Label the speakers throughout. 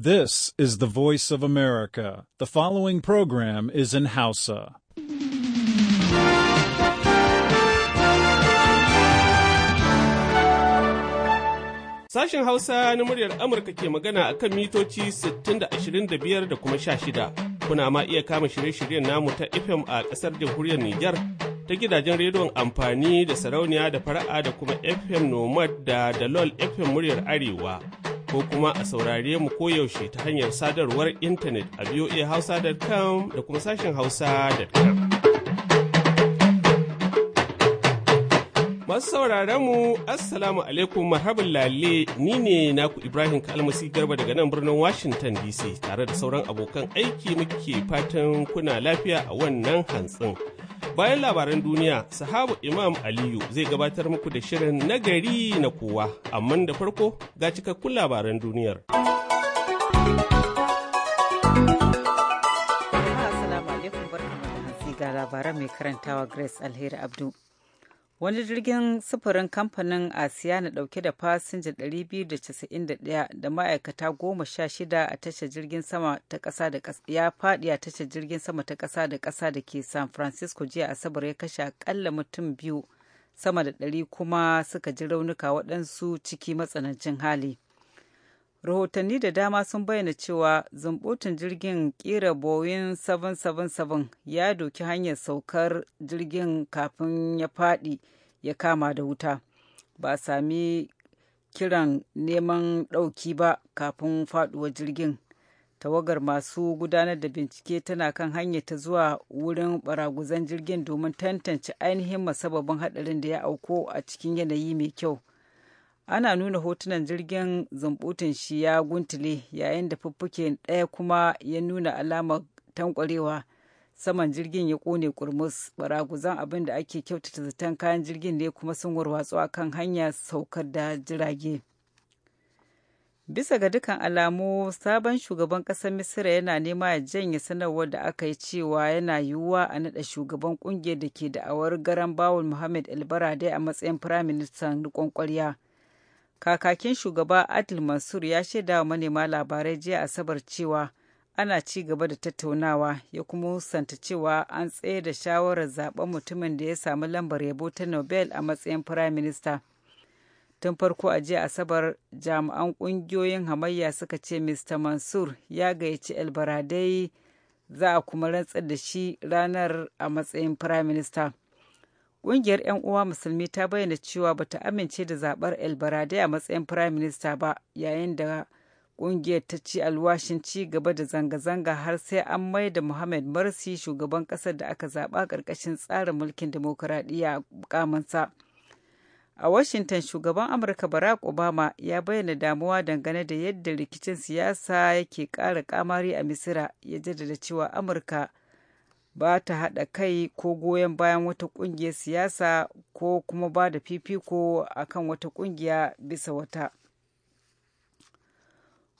Speaker 1: This is the voice of America. The following program is in Hausa.
Speaker 2: Sashen Hausa na muryar Amurka ke magana a kan mitoci 60-25 da kuma 16. Kuna ma iya kama shirye-shiryen namu ta FM a ƙasar jamhuriyar Nijar ta gidajen rediyon amfani da sarauniya da fara'a da kuma FM Nomad da Dalol FM muryar Arewa. ko kuma a saurare mu koyaushe ta hanyar sadarwar intanet a voahausa.com da kuma sashen hausa.com. Masu sauraron mu Assalamu alaikum marhaban lalle ni ne naku Ibrahim Kalmasi Garba daga nan birnin Washington DC tare da sauran abokan aiki muke fatan kuna lafiya a wannan hantsin. Bayan labaran duniya, sahabu Imam Aliyu zai gabatar muku da shirin nagari na kowa, amma da farko ga cikakkun labaran duniyar.
Speaker 1: Assalamu alaikum barkamu da hantsi ga labaran mai karantawa Grace Alheri Abdu. wani jirgin sufurin kamfanin asiya na dauke da fasinja 291 da ma'aikata 16 a tashar jirgin sama ta kasa da kasa ya faɗi a tashar jirgin sama ta kasa da kasa da ke san francisco jiya asabar ya kashe akalla mutum biyu sama da ɗari kuma suka ji raunuka waɗansu ciki matsanancin hali rahotanni da dama sun bayyana cewa zumbutun jirgin kira boeing 777 ya doki hanyar saukar jirgin kafin ya fadi ya kama da wuta ba sami kiran neman ɗauki ba kafin faduwar jirgin tawagar masu gudanar da bincike tana kan hanyar ta zuwa wurin baraguzan jirgin domin tantance ainihin masababin haɗarin da ya auko a cikin yanayi mai kyau ana nuna hotunan jirgin zumbutun shi ya guntule yayin da fuffuke ɗaya kuma ya nuna alamar tankwarewa saman jirgin ya kone kurmus baraguzan abin da ake kyautata zaton kayan jirgin ne kuma sun warwatsu a kan hanya saukar da jirage bisa ga dukkan alamu sabon shugaban ƙasar misira yana nema ya janye sanarwar da aka yi cewa yana yiwuwa a naɗa shugaban ƙungiyar da ke da'awar garan bawul muhammad dai a matsayin firaministan riƙon ƙwarya kakakin shugaba adil mansur ya shaida wa manema labarai jiya asabar cewa ana ci gaba da tattaunawa ya kuma musanta cewa an tsaye da shawarar zaben mutumin da ya samu lambar yabo ta nobel a matsayin prime minister tun farko a jiya asabar jami'an kungiyoyin hamayya suka ce mr mansur ya gayyaci elbaradai za a kuma rantsar da shi ranar a matsayin prime minister Ƙungiyar 'yan uwa musulmi ta bayyana cewa bata amince da zaɓar El Barade a matsayin firayim minista ba yayin da ƙungiyar ta ci alwashin ci gaba da zanga-zanga har sai an mai da Muhammad Morsi shugaban ƙasar da aka zaɓa ƙarƙashin tsarin mulkin demokuraɗiyya a A Washington, shugaban Amurka Barack Obama ya bayyana damuwa dangane da yadda rikicin siyasa yake ƙara ƙamari a Misira, ya jaddada cewa Amurka ba ta haɗa kai ko goyon bayan wata ƙungiyar siyasa ko kuma ba da fifiko a kan wata ƙungiya bisa wata.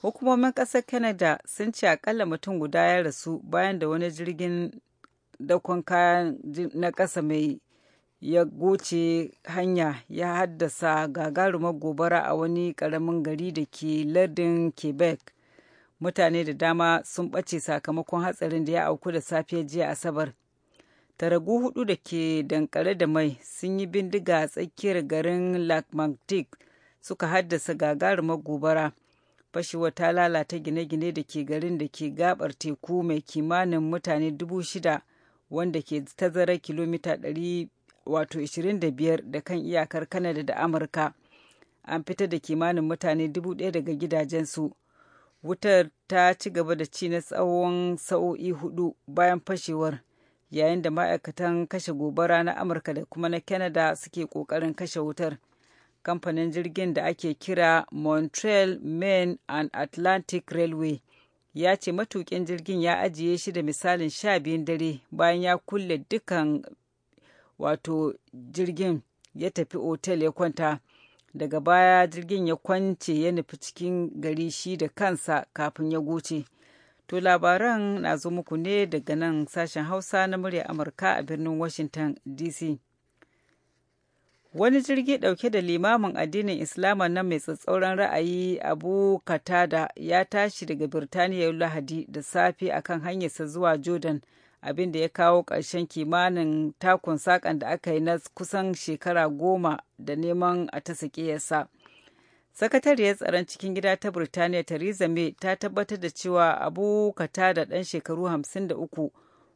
Speaker 1: Hukumomin ƙasar Canada sun ce akalla mutum guda ya rasu bayan da wani jirgin dakon kaya na ƙasa mai ya goce hanya ya haddasa gagarumar gobara a wani ƙaramin gari da ke lardin Quebec. mutane da dama sun ɓace sakamakon hatsarin da ya auku da safiyar jiya asabar taragu hudu da ke dankare da mai sun yi bindiga a tsakiyar garin lakmantik suka haddasa gagarumar gobara fashewa ta lalata gine-gine da ke garin da ke gabar teku mai kimanin mutane dubu shida wanda ke tazara kilomita 125 da kan iyakar kanada da amurka an fita da kimanin mutane dubu ɗaya daga gidajensu wutar ta ci gaba da ci na tsawon sa'o'i hudu bayan fashewar yayin da ma'aikatan kashe gobara na amurka da kuma na canada suke kokarin kashe wutar kamfanin jirgin da ake kira montreal main and atlantic railway ya ce matukin jirgin ya ajiye shi da misalin sha biyun dare bayan ya kulle dukkan wato jirgin ya tafi otel ya kwanta daga baya jirgin ya kwance ya nufi cikin gari shi da kansa kafin ya goce to labaran na zo muku ne daga nan sashen hausa na murya amurka a birnin washington dc wani jirgi ɗauke da limamin addinin islama na mai tsatsauran ra'ayi abu katada ya tashi daga birtaniya lahadi da safe akan hanyarsa zuwa jordan abin da ya kawo ƙarshen kimanin takun sakan da aka yi na kusan shekara goma da neman a ta sakiyarsa. Sakatariyar tsaron cikin gida ta Birtaniya Theresa May ta tabbatar da cewa Abu da ɗan shekaru hamsin da uku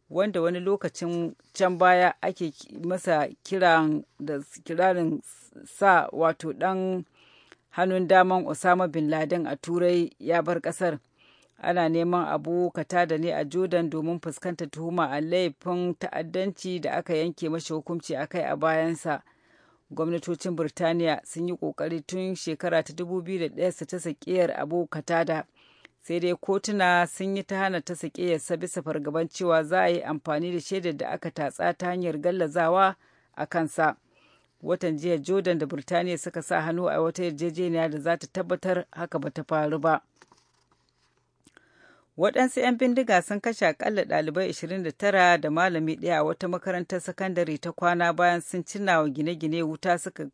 Speaker 1: wanda wani lokacin can baya ake masa kiran da kirarin sa wato ɗan hannun daman Osama Bin Laden a Turai ya bar ƙasar. ana neman abu katada ne a jordan domin fuskantar tuhuma a laifin ta'addanci da aka yanke mashi hukunci a kai a bayansa gwamnatocin birtaniya sun yi kokari tun shekara ta 2001 su ta sakiyar abu katada sai dai kotuna sun yi ta hana ta sakiyarsa bisa fargaban cewa za a yi amfani da shaidar da aka tatsa ta hanyar gallazawa a kansa watan jiya jordan da birtaniya suka sa hannu a wata yarjejeniya da za ta tabbatar haka ba ta faru ba waɗansu 'yan bindiga sun kashe akalla ɗalibai 29 da malami ɗaya a wata makarantar sakandare ta kwana bayan sun cina wa gine-gine wuta suka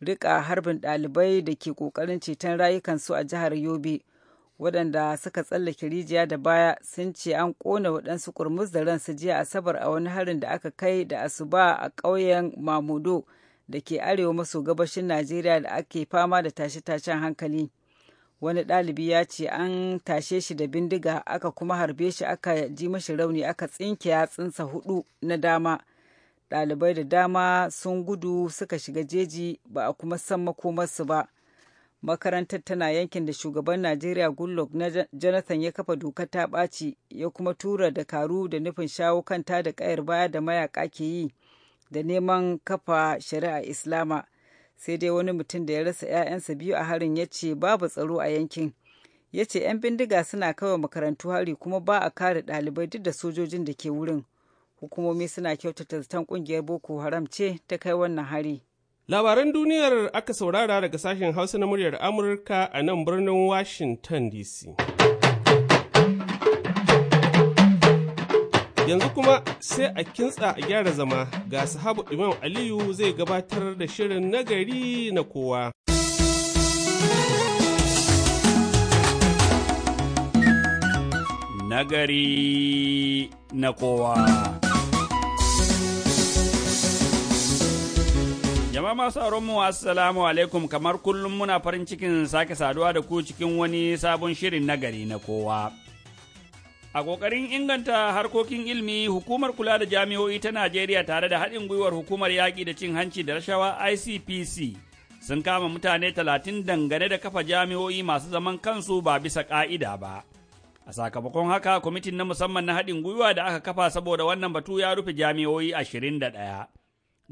Speaker 1: rika harbin ɗalibai da ke ƙoƙarin ceton rayukansu a jihar yobe waɗanda suka tsallake rijiya da baya sun ce an ƙona waɗansu ƙurmus da ransu jiya asabar a wani harin da aka kai da asuba a ƙauyen mamudo da ke arewa maso gabashin najeriya da ake fama da tashe-tashen hankali wani ɗalibi ya ce an tashe shi da bindiga aka kuma harbe shi aka ji mashi rauni aka tsinke yatsunsa hudu na dama ɗalibai da dama sun gudu suka shiga jeji ba a kuma san makomarsu ba makarantar tana yankin da shugaban najeriya goodluck na jonathan ya kafa doka ta ɓaci ya kuma tura da karu da nufin shawo kanta da kayar baya da mayaka ke yi da neman kafa shari'a islama sai dai wani mutum da ya rasa 'ya'yansa biyu a harin ya ce babu tsaro a yankin ya ce 'yan bindiga suna kawai makarantu hari kuma ba a kare ɗalibai duk da sojojin da ke wurin hukumomi suna kyautata zaton kungiyar boko haram ce ta kai wannan hari labaran
Speaker 2: duniyar aka saurara daga sashen hausa na muryar amurka a nan birnin washington dc Yanzu kuma sai a kintsa a gyara zama ga sahabu Imam Aliyu zai gabatar da shirin nagari
Speaker 3: na kowa. Nagari na kowa. Jama'a masu mu assalamu alaikum kamar kullum muna farin cikin sake saduwa da ku cikin wani sabon shirin nagari na kowa. A ƙoƙarin inganta harkokin ilimi, hukumar kula da jami'o'i ta Najeriya tare da haɗin gwiwar hukumar yaƙi da cin hanci da rashawa ICPC sun kama mutane talatin dangane da kafa jami'o'i masu zaman kansu ba bisa ƙa'ida ba. A sakamakon haka, kwamitin na musamman na haɗin gwiwa da aka kafa saboda wannan batu ya rufe jami'o'i ashirin da ɗaya.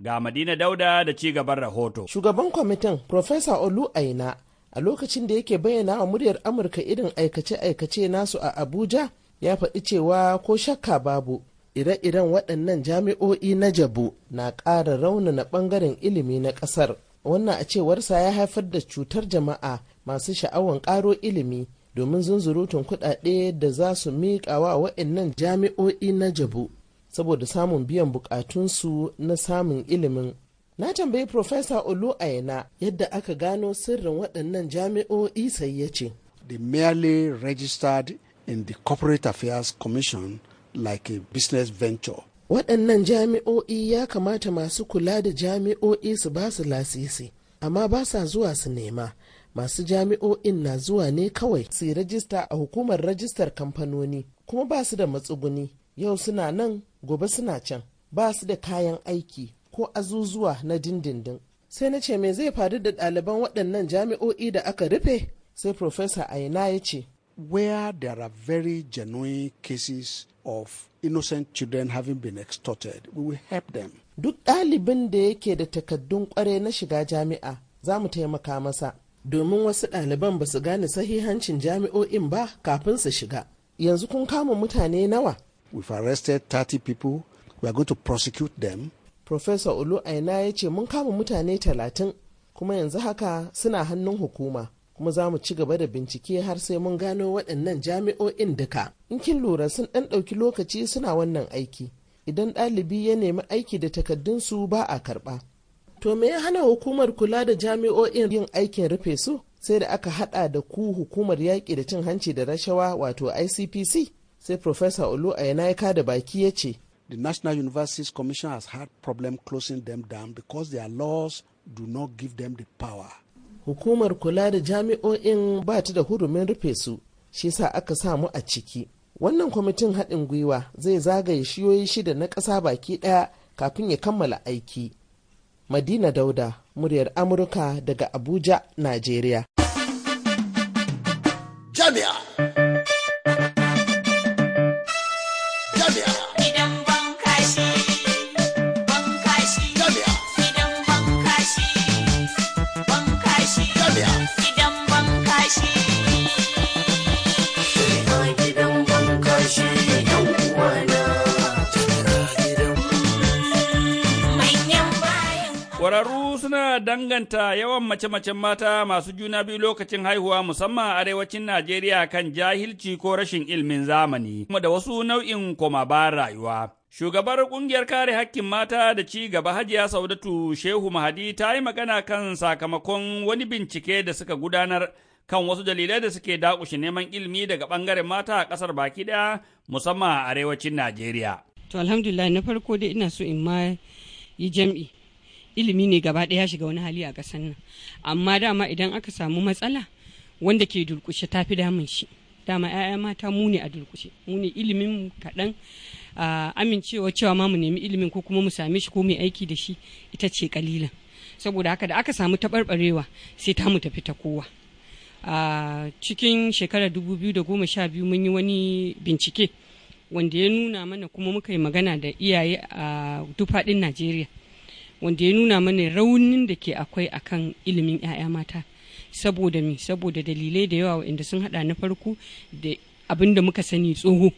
Speaker 3: Ga Madina Dauda da ci gaban rahoto.
Speaker 4: Shugaban kwamitin, Profesa Olu Aina, a lokacin da yake bayyana wa muryar Amurka irin aikace-aikace nasu a Abuja, ya faɗi cewa ko shakka babu ire-iren waɗannan jami'o'i na jabu na ƙara raunana ɓangaren ilimi na ƙasar wannan a cewarsa ya haifar da cutar jama'a masu sha'awan ƙaro ilimi domin zunzurutun kuɗaɗe da za su miƙa wa waɗannan jami'o'i na jabu saboda samun biyan buƙatunsu na samun ilimin na tambayi Profesa olu aina yadda aka gano sirrin waɗannan jami'o'i sai ya ce The merely registered in the Corporate Affairs Commission like a business venture. Waɗannan jami'o'i ya kamata masu kula da jami'o'i su ba su lasisi, amma ba sa zuwa su nema. Masu jami'o'in na zuwa ne kawai su yi rajista a hukumar rajistar kamfanoni, kuma ba su da matsuguni, yau suna nan, gobe suna can, ba su da kayan aiki ko azuzuwa na dindindin. Sai na ce me zai faru da ɗaliban waɗannan jami'o'i da aka rufe? Sai Profesa Aina ya ce, where there are very genuine cases of innocent children having been extorted, we will help them. Duk ɗalibin da yake da takaddun ƙware na shiga jami'a za mu taimaka masa. Domin wasu ɗaliban ba su gane sahihancin jami'o'in ba kafin su shiga. Yanzu kun kama mutane nawa? We've arrested 30 people. We are going to prosecute them. Professor Olu Aina ya ce mun kama mutane talatin kuma yanzu haka suna hannun hukuma. kuma za mu ci gaba da bincike har sai mun gano waɗannan jami'o'in duka in kin lura sun ɗan ɗauki lokaci suna wannan aiki idan ɗalibi ya nemi aiki da takaddunsu ba a karɓa to me ya hana hukumar kula da jami'o'in yin aikin rufe su sai da aka haɗa da ku hukumar yaƙi da cin hanci da rashawa wato icpc sai professor olu ayana ya da baki ya ce The National Universities Commission has had problem closing them down because their laws do not give them the power hukumar kula da jami'o'in ba ta da hurumin rufe su shi sa aka samu a ciki wannan kwamitin haɗin gwiwa zai zagaye shiyoyi shida na ƙasa baki ɗaya kafin ya kammala aiki madina dauda muryar amurka daga abuja najeriya
Speaker 3: suna danganta yawan mace-macen mata masu juna biyu lokacin haihuwa musamman a arewacin Najeriya kan jahilci ko rashin ilimin zamani kuma da wasu nau'in koma ba rayuwa. Shugabar ƙungiyar kare hakkin mata da ci gaba Hajiya Saudatu Shehu Mahadi ta yi magana kan sakamakon wani bincike da suka gudanar kan wasu dalilai da suke dakushe neman ilimi daga bangaren mata a ƙasar baki ɗaya musamman a arewacin Najeriya.
Speaker 5: To alhamdulillah na farko dai ina so in ma yi jam'i ilimi ne gaba ɗaya shiga wani hali a ƙasar nan amma dama idan aka samu matsala wanda ke durƙushe fi damun shi dama 'ya'ya mata mu ne a durƙushe mu ne ilimin kaɗan amincewa cewa ma mu nemi ilimin ko kuma mu sami shi ko mai aiki da shi ita ce kalilan saboda haka da aka samu taɓarɓarewa sai ta mu tafi ta kowa a cikin shekarar biyu mun yi wani bincike wanda ya nuna mana kuma muka yi magana da iyaye a dufaɗin najeriya wanda ya nuna mana raunin da ke akwai akan ilimin 'ya'ya mata saboda mi saboda dalilai da yawa inda sun hada na farko da abin da muka sani tsoho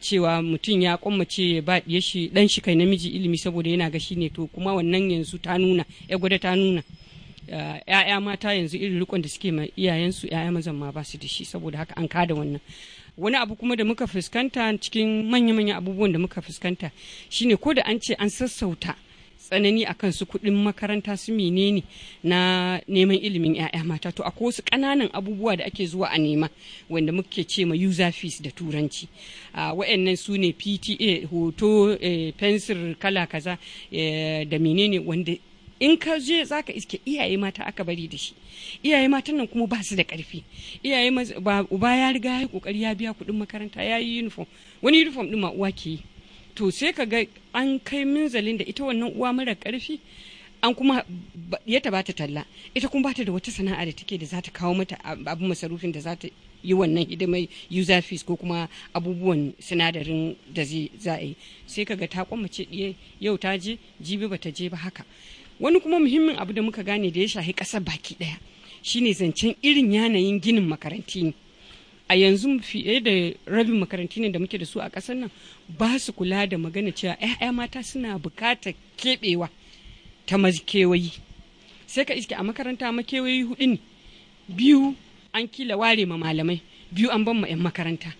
Speaker 5: cewa mutum ya kwammace ya ba ya shi dan shi kai namiji ilimi saboda yana gashi ne to kuma wannan yanzu ta nuna ya gwada ta nuna ah, ya'ya mata yanzu irin rikon da suke ma iyayensu ya'ya mazan ma ba su da shi saboda haka an kada wannan wani abu kuma da muka fuskanta cikin manya-manya abubuwan da muka fuskanta shine ko da an ce an sassauta tsanani akan su kuɗin makaranta su menene na neman ilimin 'ya'ya mata to akwai wasu ƙananan abubuwa da ake zuwa a nema wanda muke ce ma user fees da turanci wa'annan su ne pta hoto pencil eh, kala kaza eh, da menene wanda in ka je za ka iske iyaye mata aka bari da shi iyaye matan nan kuma ba su da karfi iyaye ba uba ya riga ya kokari ya biya kuɗin makaranta ya yi uniform wani uniform ɗin ma uwa ke yi to sai ka ga an kai minzalin da ita wannan uwa mara karfi an kuma ya ta bata talla ita kuma bata da wata sana'a da take da za ta kawo mata abu masarufin da za ta yi wannan hidimai user fees ko kuma abubuwan sinadarin da za a yi sai kaga ta kwammace ɗiye yau ta je jibi ba ta je ba haka wani kuma muhimmin abu da muka gane da ya shahi kasa baki ɗaya shine zancen irin yanayin ginin makaranti ne a yanzu fiye da rabin makarantu ne da muke da su a ƙasar nan ba su kula da magana cewa 'ya'ya mata suna bukatar keɓewa ta makewayi sai ka iske a makaranta makewayi hudu ne biyu an kila ware ma malamai biyu an ban ma 'yan makaranta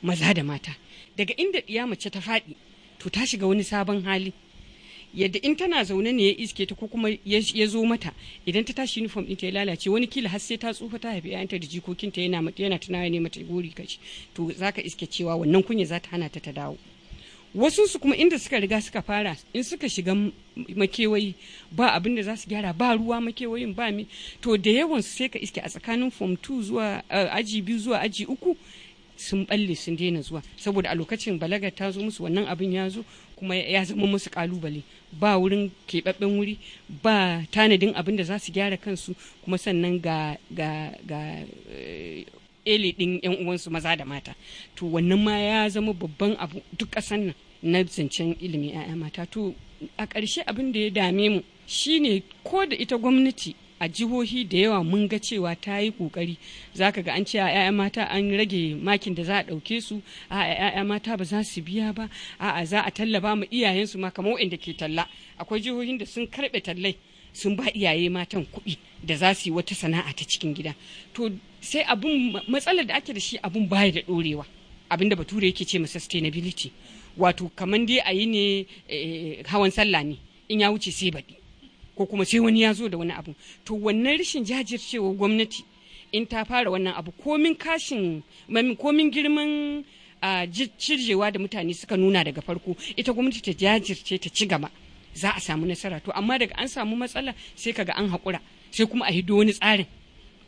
Speaker 5: maza da mata daga inda ɗiya mace ta faɗi to ta shiga wani sabon hali yadda in tana zaune ne ya iske ta ko kuma ya zo mata idan ta tashi uniform ta ya lalace wani kila har sai ta tsufa ta haifi ta da ta yana mata yana tunawa ne mata gori kaci to zaka iske cewa wannan kunya za ta hana ta ta dawo wasu su kuma inda suka riga suka fara in suka shiga makewayi ba abin da za su gyara ba ruwa makewayin ba mi to da yawan su sai ka iske a tsakanin form 2 zuwa eh, aji biyu zuwa aji uku sun balle sun daina zuwa saboda a lokacin balaga ta zo musu wannan abin ya zo kuma ya zama musu kalubale ba wurin keɓaɓɓen wuri ba tanadin abin da za su gyara kansu kuma sannan ga ga ga ele eh, ɗin yan uwansu maza da mata to wannan ma ya zama babban abu duk ƙasan nan na zancen ilimin 'ya'ya mata to a ƙarshe abin da ya dame mu shine ko da ita gwamnati a jihohi da yawa mun ga cewa ta yi kokari za ka ga an ce a 'ya'ya mata an rage makin da za a ɗauke su a 'ya'ya mata ba za su biya ba a za a tallaba ma iyayensu ma kamar waɗanda ke talla akwai jihohin da sun karɓe tallai sun ba iyaye matan kuɗi da za su yi wata sana'a ta cikin gida to sai abun matsalar da ake da shi abun baya da ɗorewa abin da bature yake ce ma sustainability wato kamar dai a yi ne eh, hawan sallah ne in ya wuce sai baɗi ko kuma sai wani ya zo da wani abu to wannan rashin jajircewa gwamnati in ta fara wannan abu komin kashin komin girman cirjewa da mutane suka nuna daga farko ita gwamnati ta jajirce ta ci gaba za a samu nasara to amma daga an samu matsala sai kaga an hakura sai kuma a hido wani tsarin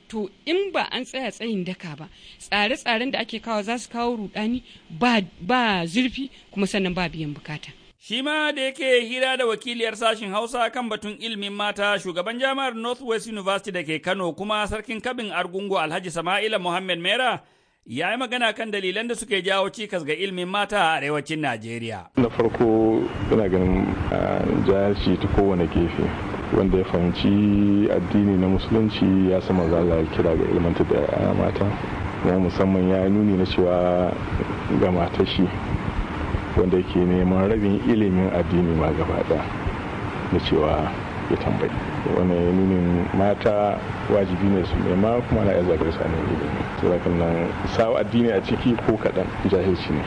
Speaker 5: to in ba an tsaya tsayin daka ba tsare-tsaren da ake kawo za su kawo rudani ba zurfi kuma sannan ba biyan bukata. Shi
Speaker 3: ma da yake hira da wakiliyar sashen Hausa kan batun ilimin mata shugaban jami'ar Northwest University da ke Kano kuma sarkin kabin Argungu Alhaji Sama'ila Muhammad Mera ya yi magana kan dalilan da suke jawo cikas ga ilimin mata a arewacin Najeriya.
Speaker 6: Na farko ina ganin ah, jahilci ta kowane gefe wanda ya fahimci addini na musulunci ya sama zala kira ga ilmanta da ah, mata na musamman ya nuni na cewa ga matashi wanda ke neman rabin ilimin addini ma gaba da cewa ya tambayi wani nunin mata wajibi ne su nema kuma na iya zagar ne ilimi to nan sawa addini a ciki ko kaɗan jahilci ne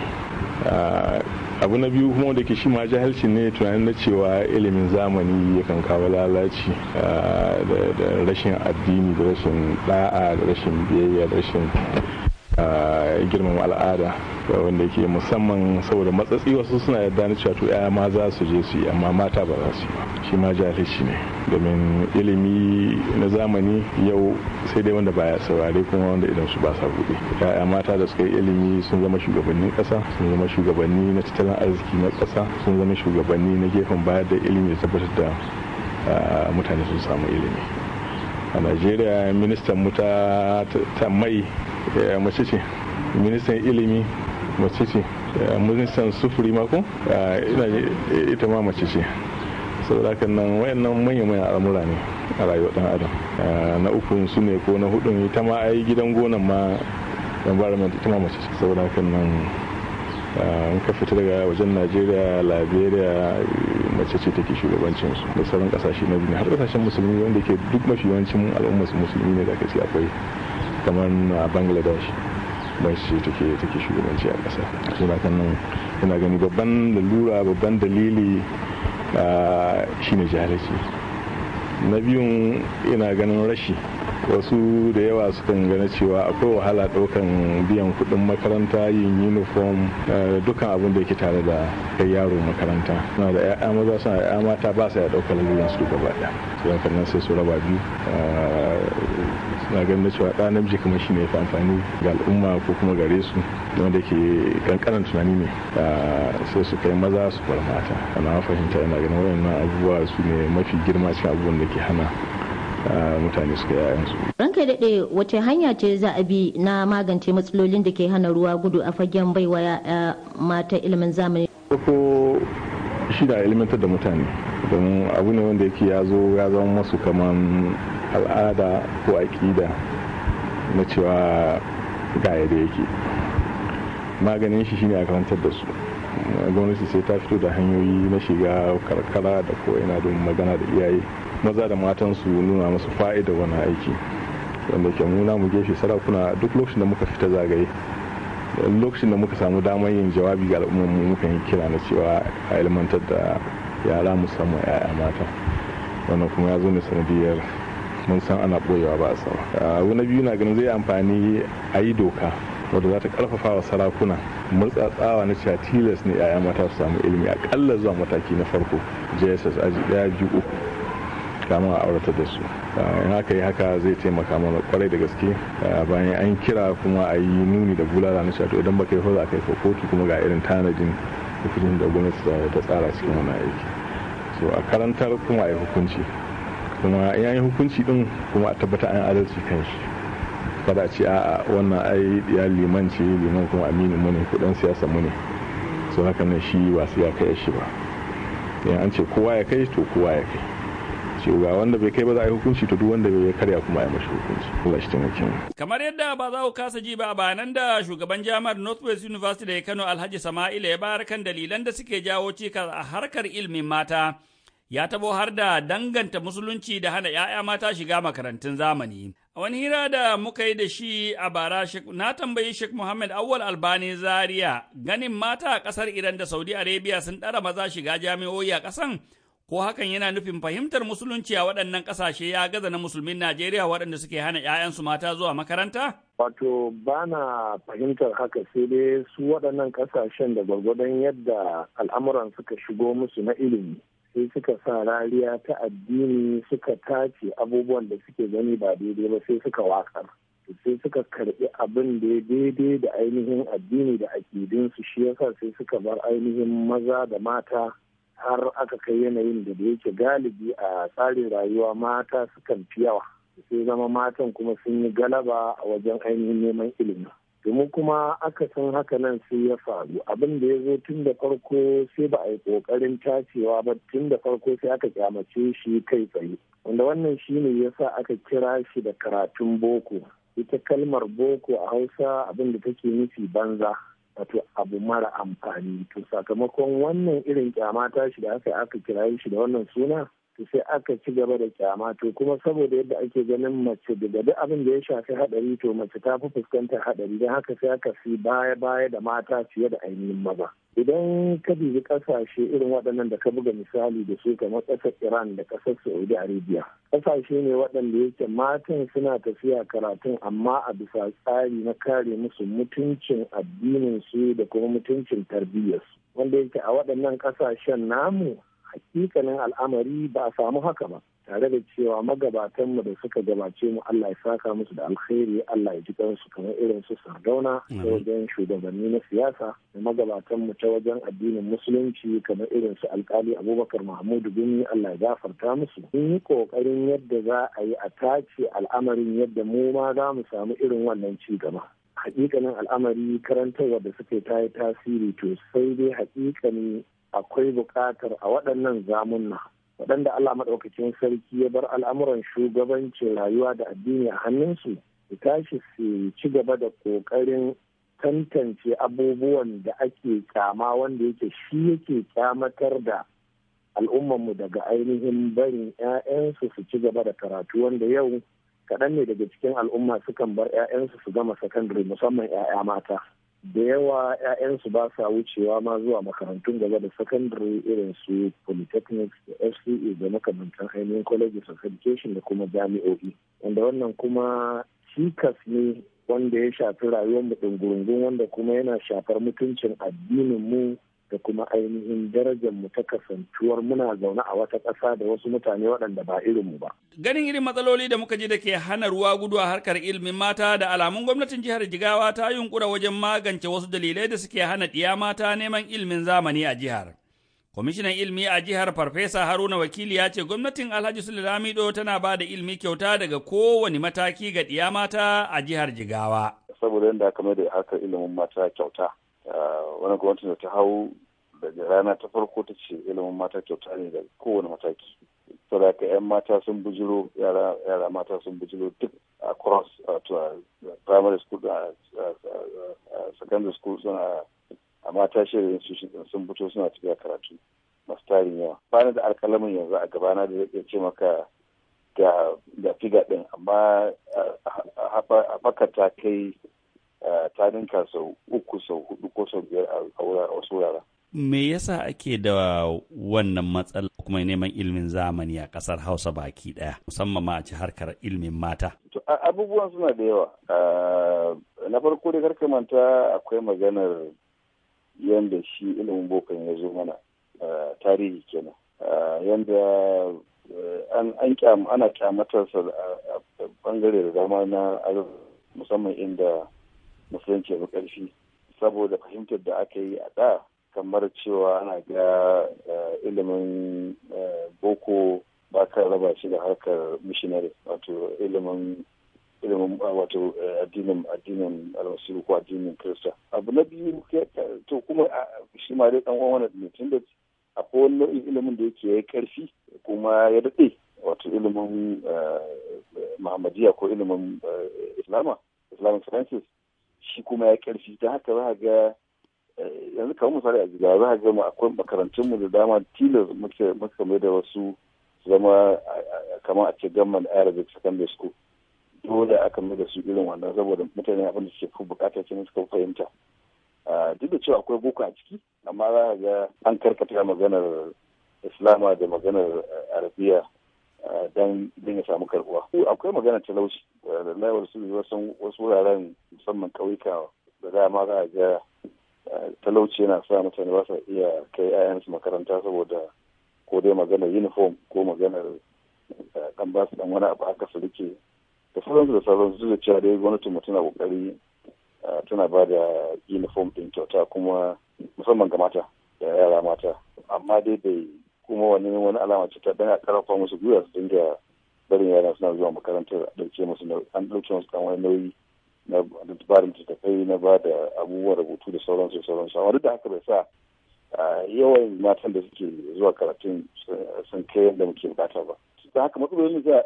Speaker 6: abu na biyu kuma wanda ke shi ma jahilci ne tunanin na cewa ilimin zamani yakan kawo lalaci da rashin addini da rashin da'a da rashin biyayya da rashin girmama al'ada wanda yake musamman saboda matsatsi wasu suna yarda na cewa to ya ma za su je su yi amma mata ba za su yi shi ma jahilci ne domin ilimi na zamani yau sai dai wanda baya saurare kuma wanda idan su ba sa buɗe ya'ya mata da suka yi ilimi sun zama shugabannin ƙasa sun zama shugabanni na tattalin arziki na ƙasa sun zama shugabanni na gefen bayar da ilimi tabbatar da mutane sun samu ilimi a najeriya ministan mu ta mai Eh, mace ce ministan ilimi mace ce eh, ministan sufuri mako eh, ina ita ma mace ce saboda kan nan wayannan manyan manyan al'amura ne a rayuwar dan adam na uku su ne ko na hudun ita ma ai gidan gonan ma environment ita ma mace ce saboda kan nan in ka fita daga wajen najeriya liberia mace ce take shugabancin su da sauran kasashe na duniya har kasashen musulmi wanda ke duk mafi yawancin al'ummar musulmi ne da gaske akwai kamar a ah, bangladesh don shi take take shugabanci a kasa so da kan nan ina gani babban lalura babban dalili ah, shine jahilci na biyun ina ganin rashi wasu da yawa sukan gana cewa akwai wahala ɗaukan biyan kuɗin makaranta yin uniform ah, dukkan abin da yake tare da kai yaro makaranta na da 'ya'ya maza suna da 'ya'ya mata ba sa ya daukan lalurin su gaba ɗaya sai sai su raba biyu na ganin na cewa ɗan namiji kamar shi ne fi amfani ga al'umma ko kuma gare su wanda ke kankanan tunani ne sai su kai maza su bar mata ana fahimta yana ganin wayannan abubuwa su ne mafi girma cikin abubuwan da ke hana mutane su ga yayansu.
Speaker 1: Ranka daɗe wace hanya ce za a bi na magance matsalolin da ke hana ruwa gudu a fagen baiwa mata ilimin zamani.
Speaker 6: Ko shi da ilimantar da mutane domin abu ne wanda yake ya zo ya zama masu kaman al'ada ko aƙida na cewa ga yadda yake maganin shi shine a karantar da su gwamnati sai ta fito da hanyoyi na shiga karkara da ko'ina don magana da iyaye maza da matansu nuna masu fa'ida wani aiki wanda ke muna mu gefe sarakuna duk lokacin da muka fita zagaye lokacin da muka samu damar yin jawabi ga al'ummar mu muka yi kira na cewa a ilmantar da yara musamman 'ya'ya mata wannan kuma ya zo ne sanadiyar mun san ana boyewa ba a sama ah, na biyu na ganin zai amfani a yi doka wadda za ta karfafa wa sarakuna murtsatsawa na cewa tilas ne 'ya'ya mata su samu ilimi akalla zuwa mataki na farko jss aji daya biyu uku kama a aurata da su ah, in haka yi haka zai taimaka mana kwarai da gaske ah, bayan an kira kuma a yi nuni da bulala na shato idan baka yi fa za ka yi kotu kuma ga irin tanadin hukuncin da gwamnati ta tsara cikin wani aiki so a karantar kuma a yi hukunci kuma in yi hukunci din kuma a tabbata an adalci kan shi kada ce a wannan ai ya liman ce liman kuma amini mu ne kudin siyasa mu ne so haka nan shi ba su ya kai shi ba in an ce kowa ya kai to kowa ya kai ce ga wanda bai kai ba za a yi hukunci to duk wanda bai karya kuma ya mashi hukunci Allah shi taimake mu
Speaker 3: kamar yadda ba za ku kasa ji ba a nan da shugaban jami'ar Northwest University da Kano Alhaji Sama'ila ya bayar kan dalilan da suke jawo cikas a harkar ilimin mata ya tabo har da danganta musulunci da hana ‘ya'ya mata shiga makarantun zamani. A wani hira da muka yi da shi a bara na tambayi Sheikh Muhammad Awal Albani Zaria ganin mata a ƙasar Iran da Saudi Arabia sun ɗara maza shiga jami'o'i a ƙasan ko hakan yana nufin fahimtar musulunci a waɗannan ƙasashe ya gaza na musulmin Najeriya waɗanda suke hana 'ya'yansu mata zuwa makaranta?
Speaker 7: Wato ba na fahimtar haka sai dai su waɗannan ƙasashen da gwargwadon yadda al'amuran suka shigo musu na ilimi. sai suka sa rariya ta addini suka tace abubuwan da suke gani ba daidai ba sai suka wakar sai suka karbi abin da ya daidai da ainihin addini da akidinsu shi yasa sai suka bar ainihin maza da mata har aka kai yanayin da yake galibi a tsarin rayuwa mata sukan fi yawa sai zama matan kuma sun yi galaba a wajen ainihin neman ilimi domin kuma aka san haka nan sai ya faru abin da ya zo tun da farko sai ba a yi kokarin tacewa ba tun da farko sai aka kyamace shi kai tsaye wanda wannan shi ne ya sa aka kira shi da karatun boko ita kalmar boko a hausa abin da take nufi banza wato abu mara amfani to sakamakon wannan irin kyamata shi da aka aka kira shi da wannan suna to sai aka ci gaba da kyama to kuma saboda yadda ake ganin mace daga duk abin da ya shafi hadari to mace ta fi fuskantar hadari don haka sai aka fi baya baya da mata fiye da ainihin maza idan ka bibi kasashe irin waɗannan da ka buga misali da su kamar ƙasar iran da ƙasar saudi arabia ƙasashe ne waɗanda yake matan suna tafiya karatun amma a bisa tsari na kare musu mutuncin addinin su da kuma mutuncin tarbiyyarsu wanda yake a waɗannan ƙasashen namu hakikanin al'amari ba a samu haka ba tare da cewa magabatanmu da suka gabace mu Allah ya saka musu da alkhairi Allah ya ji kansu kamar irin su sardauna ta wajen shugabanni na siyasa da magabatanmu ta wajen addinin musulunci kamar irin su alkali abubakar mahmudu gumi Allah ya gafarta musu mun yi kokarin yadda za a yi a tace al'amarin yadda mu ma za mu samu irin wannan ci gaba hakikanin al'amari karantarwa da suke ta yi tasiri to sai dai hakikanin akwai buƙatar a waɗannan zamunna waɗanda Allah maɗaukacin sarki ya bar al'amuran shugabanci rayuwa da addini a hannunsu su tashi su ci gaba da ƙoƙarin tantance abubuwan da ake kyama wanda yake shi yake kyamatar da al'ummanmu daga ainihin barin 'ya'yansu su ci gaba da karatu wanda yau kaɗan ne daga cikin al'umma sukan bar 'ya'yansu su gama sakandare musamman 'ya'ya mata da yawa 'ya'yansu ba sa wucewa ma zuwa makarantun gaba da secondary irin su polytechnics da fce da makamantan ainihin colleges of education da kuma jami'o'i wanda wannan kuma cikas ne wanda ya shafi rayuwar mu gurungun wanda kuma yana shafar mutuncin addinin mu da kuma ainihin darajar mu ta kasantuwar muna zaune a wata ƙasa da wasu mutane waɗanda ba irinmu ba.
Speaker 3: Ganin irin matsaloli da muka ji da ke hana ruwa gudu a harkar ilimin mata da alamun gwamnatin jihar Jigawa ta yunkura wajen magance wasu dalilai da suke hana ɗiya mata neman ilimin zamani a jihar. Kwamishinan ilimi a jihar Farfesa Haruna Wakili ya ce gwamnatin Alhaji Sulilamido tana ba da ilimi kyauta daga kowane mataki ga ɗiya mata a jihar Jigawa.
Speaker 8: Saboda yadda aka mai da haka ilimin mata kyauta. wani gwamnatin da ta hau daga rana ta farko ta ce ilimin mata kyauta ne da kowane mataki saboda ka 'yan mata sun bujiro yara mata sun bujiro duk across to primary school da secondary school suna a mata shirin institution sun fito suna tafiya karatu masu tarin yawa bani da alkalamin yanzu a gabana da zai ce maka ga figa din amma a fakata kai ta sau
Speaker 7: uku sau hudu ko sau biyar
Speaker 3: a wasu wuraren. Me yasa ake da wannan matsala kuma neman ilimin zamani a ƙasar Hausa baki ɗaya musamman ma a ci harkar ilimin mata?
Speaker 8: Abubuwan suna da yawa. Na farko da manta akwai maganar yadda shi ilimin bokan ya zo mana tarihi kenan. Yadda eh, an ana kyamatarsa a bangare da dama na musamman inda musulunci ya karfi saboda fahimtar da aka yi a da kamar cewa ana ga eh, ilimin eh, boko ba ka raba shi da harkar missionary wato ilimin ilimin eh, wato addinin addinin almasiru ko addinin kirista abu na biyu to kuma shi ma dai dan wani wannan da akwai wani nau'in ilimin da yake yayi karfi kuma ya daɗe wato ilimin muhammadiyya ko ilimin islama islamic sciences shi kuma ya karfi ta haka za ga eh, yanzu kamar misali a jiga za ga mu akwai makarantun mu da dama tilas muke muka mai da wasu zama kamar a ce gamman arabic secondary school dole aka mai da su irin wannan saboda mutane abin da suke fi bukata ce suka fahimta duk da cewa akwai boko a ciki amma za ga an karkata maganar islama da maganar eh, arabiya Eh, don dinga ya samu karbuwa akwai magana talauci da lawar su wasu wuraren musamman ƙauyuka da dama za a ga eh, talauci yana sa mutane ba sa iya kai su makaranta saboda ko dai magana uniform ko magana dan eh, basu dan wani abu haka su rike da sauransu da sauransu da cewa dai gwamnatin mutum na kokari tana ba da uniform din kyauta kuma musamman ga mata da yara mata amma dai bai kuma wani wani alama ce ta dana a karfafa musu gwiwa su dinga barin yara suna zuwa makarantar a ɗauke musu an ɗauke musu kan wani nauyi na barin tattafai na ba da abubuwan rubutu da sauransu da sauransu amma duk da haka bai sa yawan matan da suke zuwa karatun sun kai yadda muke bukata ba da haka matsalolin da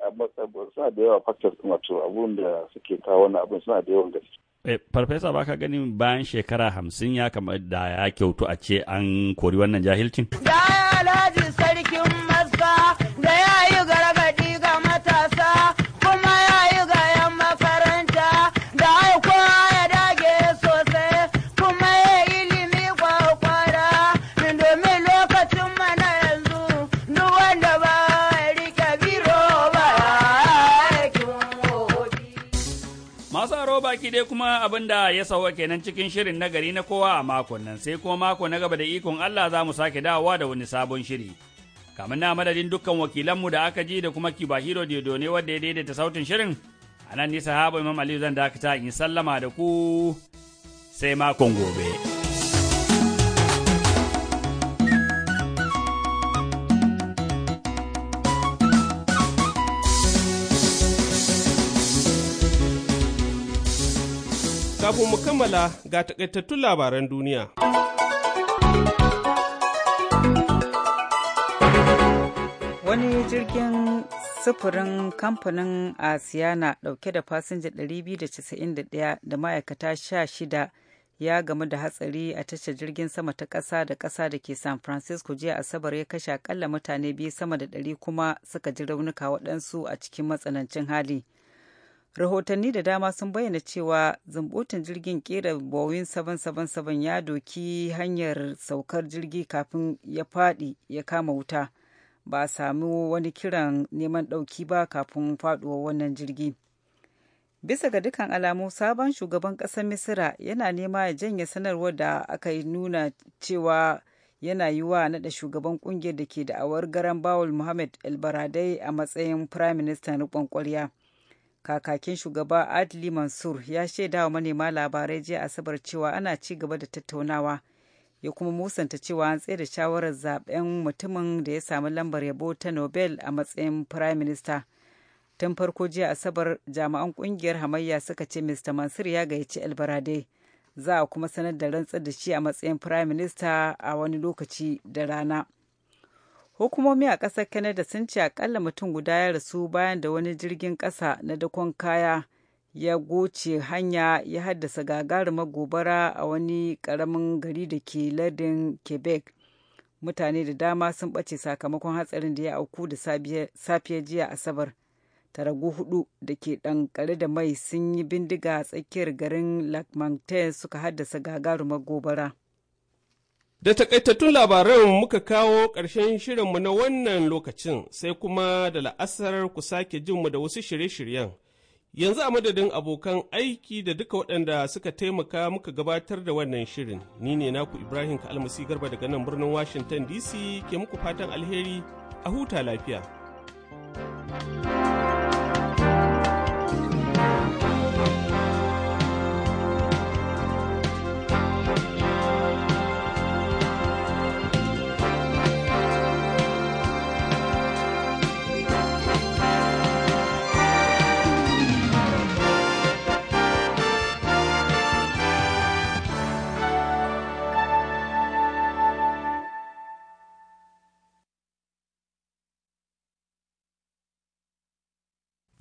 Speaker 8: suna da yawa factors wato abun da suke kawo wannan abin suna da yawan gaske
Speaker 3: Eh, farfesa ba ka ganin bayan shekara hamsin ya kama da ya kyautu a ce an kori wannan jahilcin?
Speaker 8: Da
Speaker 1: alhaji sarkin ma.
Speaker 3: dai kuma abin da ya sauwa kenan cikin shirin na gari na kowa a makon nan sai kuma mako na gaba da ikon Allah za mu sake dawowa da wani sabon shiri. Kamar na madadin dukkan wakilanmu da aka ji da kuma Kibahiro Dedo ne wadda ya daidaita sautin shirin. A nan ni sahaba Imam Aliyu zan dakata in sallama da ku sai makon gobe.
Speaker 2: Kafin mu kammala ga takaitattun labaran duniya.
Speaker 1: Wani jirgin sufurin kamfanin asiya na dauke da fasinja 291 da ma'aikata 16 ya gamu da hatsari a tashar jirgin sama ta ƙasa da ƙasa da ke San Francisco jiya Asabar ya kashe akalla mutane biyu sama da ɗari kuma suka ji raunuka waɗansu a cikin matsanancin hali. rahotanni da dama sun bayyana cewa zumbutin jirgin kera boeing 777 ya doki hanyar saukar jirgi kafin ya fadi ya kama wuta ba a sami wani kiran neman ɗauki ba kafin faduwa wannan jirgi bisa ga dukkan alamu sabon shugaban ƙasar misira yana nema ya janye sanarwar da aka nuna cewa yana yi wa naɗa shugaban ƙungiyar da ke da'awar garan bawul muhammad elbaradai a matsayin prime rikon riƙon ƙwarya kakakin shugaba adli mansur ya shaida wa manema labarai jiya asabar cewa ana ci gaba da tattaunawa ya kuma musanta cewa an tsaye da shawarar zaben mutumin da ya samu lambar yabo ta nobel a matsayin prime minister tun farko jiya asabar jami'an kungiyar hamayya suka ce mr mansur ya gayyaci albarade za a kuma sanar da rantsar da shi a matsayin prime minister a wani lokaci da rana hukumomi a ƙasar canada sun ce akalla mutum guda ya rasu bayan da wani jirgin ƙasa na dakon kaya ya goce hanya ya haddasa gagarumar gobara a wani ƙaramin gari da ke lardin quebec mutane da dama sun ɓace sakamakon hatsarin da ya auku da safiyar jiya asabar taragu hudu da ke ɗankare da mai sun yi bindiga tsakiyar garin lac suka haddasa gagarumar gobara
Speaker 2: Da takaitattun labaran muka kawo ƙarshen shirinmu na wannan lokacin sai kuma da la'asar ku sake jinmu da wasu shirye-shiryen. Yanzu a madadin abokan aiki da duka waɗanda suka taimaka muka gabatar da wannan shirin, ni ne naku Ibrahim Kalmasi Garba daga nan birnin Washington DC ke muku fatan alheri a huta lafiya. thank you